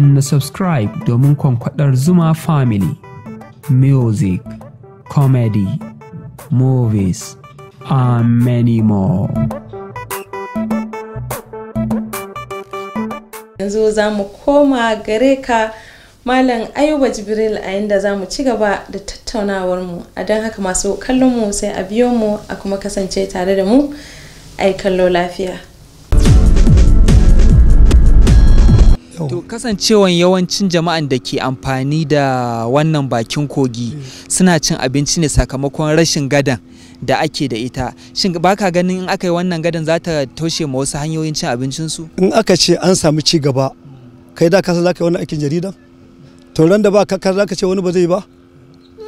na subscribe domin kwankwadar Zuma Family. Music, comedy, movies, and many more. Yanzu za mu koma gare ka Malam Ayuba Jibril a inda za mu ci gaba da tattaunawar mu, a don haka masu kallon mu sai a biyo mu a kuma kasance tare da mu a kallo lafiya. kasancewan yawancin jama'an da ke amfani da wannan bakin kogi mm. suna cin abinci ne sakamakon rashin gadan da ake da ita shin baka ganin in aka yi wannan gadan za ta toshe ma wasu hanyoyin cin abincinsu in aka ce an samu ci gaba kai da kasa za ka yi wani aikin jarida to ran da ba ka za ka ce wani ba zai ba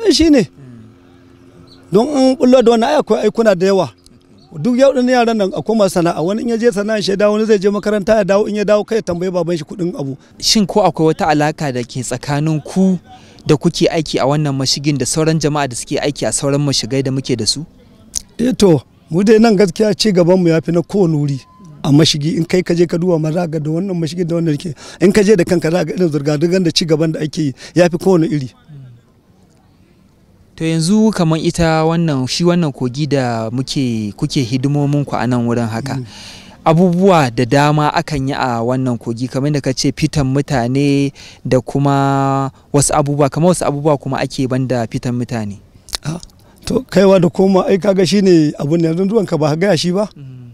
eh, shi ne mm. don in bullo da wani ai akwai aikuna da yawa duk yau ɗin yaran nan akwai masu sana'a wani in ya je sana'a shi dawo wani zai je makaranta ya dawo in ya dawo kai tambaye baban shi kuɗin abu shin ko akwai wata alaka da ke tsakanin ku da kuke aiki a wannan mashigin da sauran jama'a da suke aiki a sauran mashigai da muke da su eh to mu dai nan gaskiya ci gaban mu yafi na kowane wuri a mashigi in kai ka je ka duba ma ga da wannan mashigin da wannan ke in ka je da kanka za ga irin zurga-zurgar da ci gaban da ake yi yafi kowane iri to yanzu kamar ita wannan shi wannan kogi da muke kuke hidimomin ku a nan wurin haka mm. abubuwa da dama akan yi a wannan kogi kamar da ka ce fitan mutane da kuma wasu abubuwa kamar wasu abubuwa kuma ake banda fitan mutane ah, to kaiwa da koma ai kaga shine abun da yanzu wanka ba ga shi ba mm.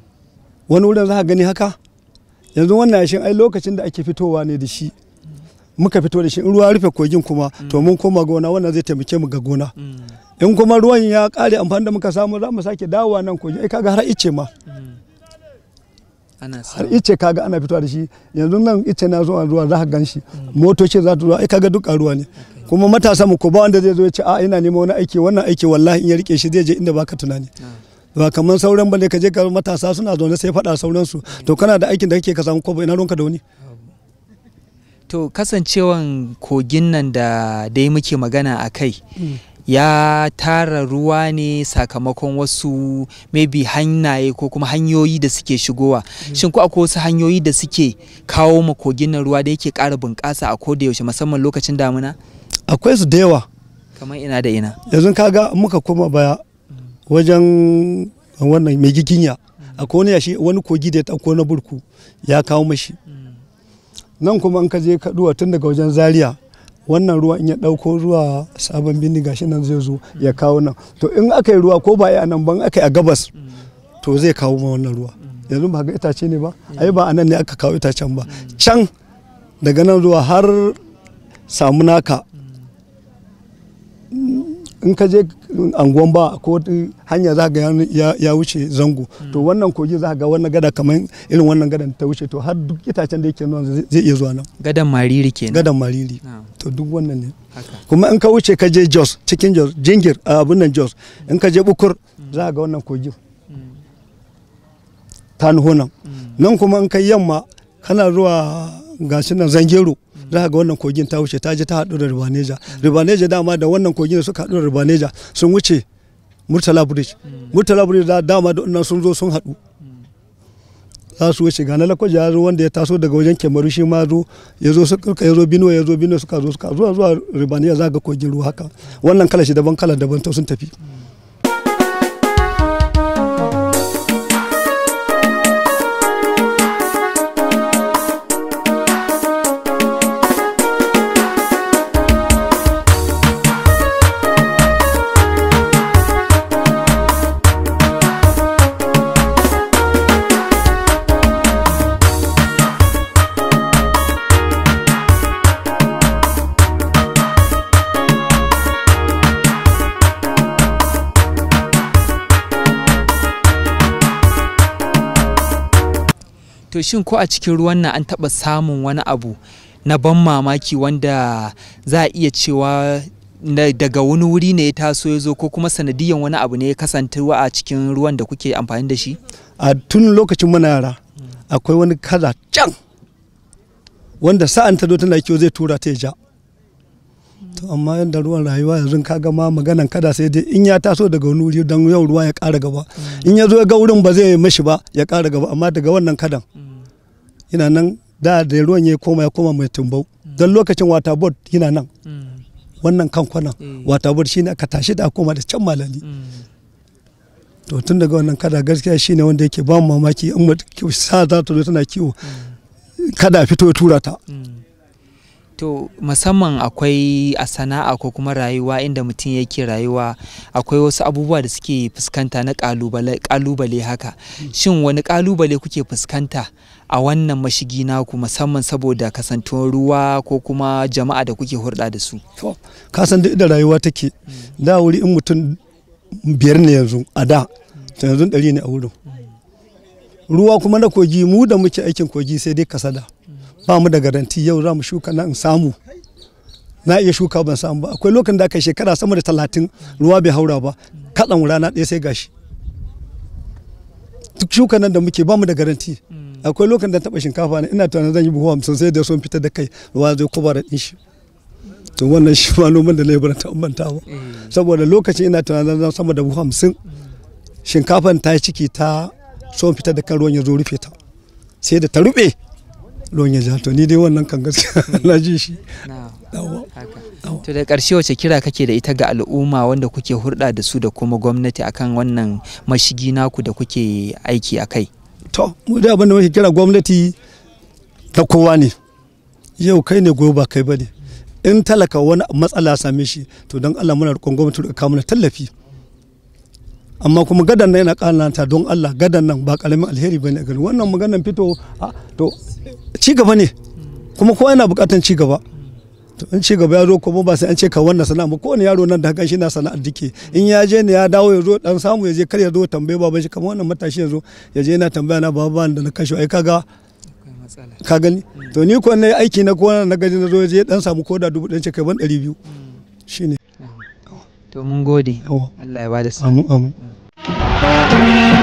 wani wurin za ka gani haka yanzu wannan shin ai lokacin da ake fitowa ne da shi muka fito da shi in ruwa rufe kogin kuma mm. to mun koma gona wannan zai taimake mu ga gona mm. in kuma ruwan ya kare amfani da muka samu za mu sake dawowa nan kogin ai kaga har ice ma mm. har ice kaga ana fitowa da shi yanzu nan ice na zuwa ruwa za ka gan shi motoci za ta zuwa ai kaga duk ruwa ne kuma matasa mu ko ba wanda zai zo ya ce a ina neman wani aiki wannan aiki wallahi in ya rike shi zai je inda baka tunani ah. ba kamar sauran bane ka je ka matasa suna zaune sai faɗa sauransu to kana da aikin da kake ka samu kwabo ina ruwanka da wani to kasancewan kogin nan da dai muke magana a kai mm. ya tara ruwa ne sakamakon wasu maybe hannaye ko kuma hanyoyi da suke shigowa mm. shin ko akwai wasu hanyoyi da suke kawo ma kogin nan ruwa da yake ƙara bunƙasa a koda yaushe musamman lokacin damina akwai su da yawa kamar ina da ina yanzu kaga muka koma baya wajen wannan mai giginya mm. akwai wani yashi wani kogi da ya tanko na burku ya kawo mashi nan kuma in ka je kaduwa tun daga wajen zaria wannan ruwa in ya dauko zuwa sabon bindi gashi nan zai zo ya kawo nan to in aka yi ruwa ko ba a nan ban aka yi a gabas to zai kawo ma wannan ruwa yanzu ba ga itace ne ba ai ba a nan ne aka kawo itacen ba can daga nan zuwa har samu naka. in ka je anguwan ba ko hanya za ga ya wuce zango to hmm. wannan kogi za ga wannan gada kamar irin wannan gadan ta wuce to har duk itacen da yake nan zai iya zuwa nan gadan mariri kenan gadan mariri ah. to duk wannan ne kuma in ka wuce ka je Jos cikin Jos jingir abun nan Jos hmm. in ka je bukur hmm. za ga wannan kogi ta nan nan kuma in ka yamma kana zuwa gashi nan zangero za ga wannan kogin ta wuce ta je ta haɗu da ribaneja ribaneja dama da wannan kogin da suka haɗu da ribaneja sun wuce murtala bridge murtala bridge da dama da wannan sun zo sun haɗu za su wuce na lakwaji ya zo wanda ya taso daga wajen kemaru shi ma zo ya zo suka ya zo binuwa ya zo binuwa suka zo suka zuwa zuwa ribaneja za ga kogin ruwa haka wannan kala shi daban kala daban to sun tafi to shin ko a cikin ruwan nan an taɓa samun wani abu na ban mamaki wanda za a iya cewa daga wani wuri ne ya taso ya zo ko kuma sanadiyan wani abu ne ya kasance a cikin ruwan da kuke amfani da shi a tun lokacin muna yara akwai wani kaza can wanda sa'an ta zo tana kiwo zai tura ta ja to amma yadda ruwan rayuwa yanzu ka ga ma maganan kada sai dai in ya taso daga wani wuri don yau ruwa ya ƙara gaba mm. in ya zo ya ga wurin ba zai mashi ba ya ƙara gaba amma daga wannan kadan mm. ina nan da da ruwan ya koma ya koma mai tumbau mm. don lokacin wata bot yana nan wannan kan kwana. Eh. wata bot shine aka tashi da koma da can malali to tun daga wannan kada gaskiya shine wanda yake ba mamaki in sa za ta zo tana kiwo kada a fito ya tura ta To musamman akwai a sana'a ko kuma rayuwa inda mutum yake rayuwa akwai wasu abubuwa da suke fuskanta na kalubale haka. Shin wani kalubale kuke fuskanta a wannan mashigi naku musamman saboda kasantuwar ruwa ko kuma jama'a da kuke hurɗa da su? To, kasan duk inda rayuwa take, da wuri in mutum biyar ne yanzu a da, yanzu ɗari ne a wurin. Ruwa kuma na kogi mu da muke aikin kogi sai dai kasada. ba mu da garanti yau za mu shuka na in samu na iya shuka ban samu ba akwai lokacin da aka shekara sama da talatin ruwa bai haura ba kaɗan rana ɗaya sai gashi duk shuka nan da muke ba mu da garanti hmm. akwai lokacin da taɓa shinkafa ne ina tunanin zan yi buhu hamsin sai da sun fita da kai ruwa zai kuma da ɗin shi to wannan shi ma noman da laifin ta umbanta ba eh. saboda lokacin ina tunanin zan sama da buhu hamsin shinkafan ta ciki ta sun fita da kan ruwan ya zo rufe ta sai da ta ruɓe ruwan ya ja to ni dai wannan kan gaskiya na ji shi to da ƙarshe wace kira kake da ita ga al'umma wanda kuke hurɗa da su da kuma gwamnati akan wannan mashigi naku da kuke aiki a kai to mu da abin da muke kira gwamnati ta kowa ne yau kai ne gobe ba kai ba ne in talaka wani matsala same shi to don allah muna roƙon gwamnati ka kawo mana tallafi amma kuma gadan nan yana kananta don Allah gadan nan ba ƙaramin alheri bane a gari wannan maganan fito to ci gaba ne kuma kowa yana bukatan ci gaba to in ci gaba ya zo kuma ba sai an ce ka wannan sana'a ba kowane yaro nan da hakan shi na sana'ar dike in ya je ne ya dawo ya zo dan samu ya je kar ya zo tambaye baba shi kamar wannan matashi ya zo ya je yana tambaya na baba da na kashe ai kaga ka gani to ni ko na aiki na ko na gaji na zo ya je dan samu koda dubu dan ce kai ban 200 mm. shine to mun gode Allah ya bada sa amin amin mm. Thank you.